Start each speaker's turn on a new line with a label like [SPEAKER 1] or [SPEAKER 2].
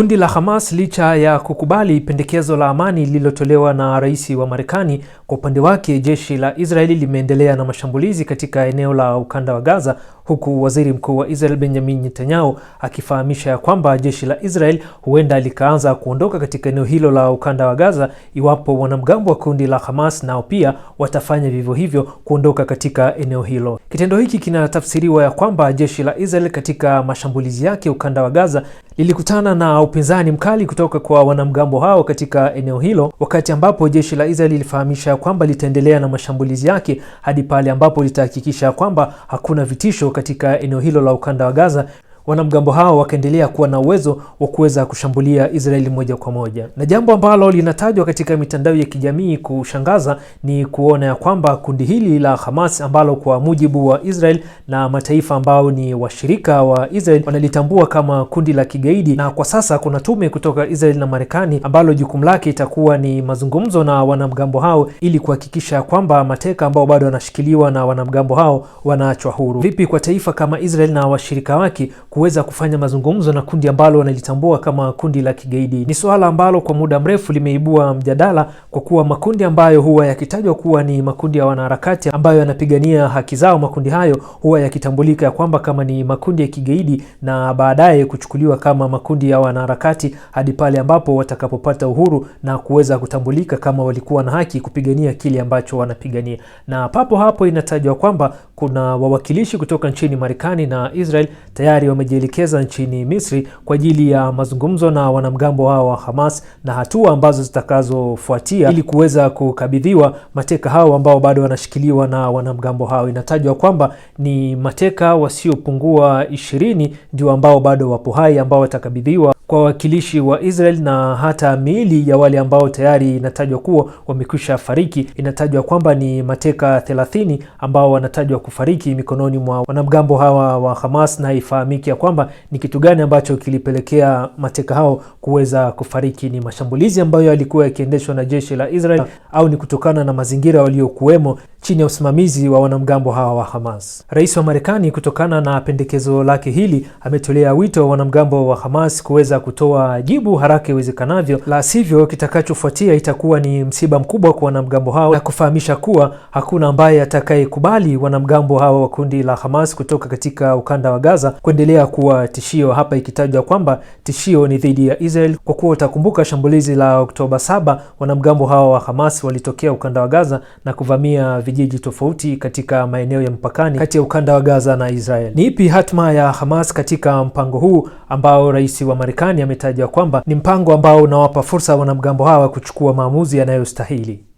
[SPEAKER 1] Kundi la Hamas licha ya kukubali pendekezo la amani lililotolewa na rais wa Marekani, kwa upande wake jeshi la Israeli limeendelea na mashambulizi katika eneo la ukanda wa Gaza huku waziri mkuu wa Israel Benjamin Netanyahu akifahamisha ya kwamba jeshi la Israel huenda likaanza kuondoka katika eneo hilo la ukanda wa Gaza iwapo wanamgambo wa kundi la Hamas nao pia watafanya vivyo hivyo kuondoka katika eneo hilo. Kitendo hiki kinatafsiriwa ya kwamba jeshi la Israel katika mashambulizi yake ukanda wa Gaza lilikutana na upinzani mkali kutoka kwa wanamgambo hao katika eneo hilo, wakati ambapo jeshi la Israel lilifahamisha kwamba litaendelea na mashambulizi yake hadi pale ambapo litahakikisha kwamba hakuna vitisho katika eneo hilo la ukanda wa Gaza wanamgambo hao wakaendelea kuwa na uwezo wa kuweza kushambulia Israeli moja kwa moja, na jambo ambalo linatajwa katika mitandao ya kijamii kushangaza ni kuona ya kwamba kundi hili la Hamas ambalo kwa mujibu wa Israel na mataifa ambao ni washirika wa Israel wanalitambua kama kundi la kigaidi, na kwa sasa kuna tume kutoka Israel na Marekani ambalo jukumu lake itakuwa ni mazungumzo na wanamgambo hao ili kuhakikisha kwamba mateka ambao bado wanashikiliwa na wanamgambo hao wanaachwa huru. Vipi kwa taifa kama Israel na washirika wake ku kuweza kufanya mazungumzo na kundi ambalo wanalitambua kama kundi la kigaidi. Ni suala ambalo kwa muda mrefu limeibua mjadala kwa kuwa makundi ambayo huwa yakitajwa kuwa ni makundi ya wanaharakati ambayo yanapigania haki zao, makundi hayo huwa yakitambulika ya kwamba kama ni makundi ya kigaidi na baadaye kuchukuliwa kama makundi ya wanaharakati hadi pale ambapo watakapopata uhuru na kuweza kutambulika kama walikuwa na haki kupigania kile ambacho wanapigania. Na papo hapo inatajwa kwamba kuna wawakilishi kutoka nchini Marekani na Israel tayari wamejielekeza nchini Misri kwa ajili ya mazungumzo na wanamgambo hao wa Hamas na hatua ambazo zitakazofuatia ili kuweza kukabidhiwa mateka hao ambao bado wanashikiliwa na wanamgambo hao. Inatajwa kwamba ni mateka wasiopungua ishirini ndio ambao bado wapo hai ambao watakabidhiwa kwa wawakilishi wa Israel na hata miili ya wale ambao tayari inatajwa kuwa wamekwisha fariki. Inatajwa kwamba ni mateka 30 ambao wanatajwa kufariki mikononi mwa wanamgambo hawa wa Hamas na ifahamike ya kwamba ni kitu gani ambacho kilipelekea mateka hao kuweza kufariki. Ni mashambulizi ambayo yalikuwa yakiendeshwa na jeshi la Israel au ni kutokana na mazingira waliokuwemo chini ya usimamizi wa wanamgambo hawa wa Hamas. Rais wa Marekani, kutokana na pendekezo lake hili, ametolea wito wa wanamgambo wa Hamas kuweza kutoa jibu haraka iwezekanavyo, la sivyo kitakachofuatia itakuwa ni msiba mkubwa kwa wanamgambo hao, na kufahamisha kuwa hakuna ambaye atakayekubali wanamgambo hawa wa kundi la Hamas kutoka katika ukanda wa Gaza kuendelea kuwa tishio, hapa ikitajwa kwamba tishio ni dhidi ya Israel, kwa kuwa utakumbuka shambulizi la Oktoba 7 wanamgambo hawa wa Hamas walitokea ukanda wa Gaza na kuvamia vijiji tofauti katika maeneo ya mpakani kati ya ukanda wa Gaza na Israel. Ni ipi hatma ya Hamas katika mpango huu ambao rais wa Marekani ametaja kwamba ni mpango ambao unawapa fursa wanamgambo hawa kuchukua maamuzi yanayostahili?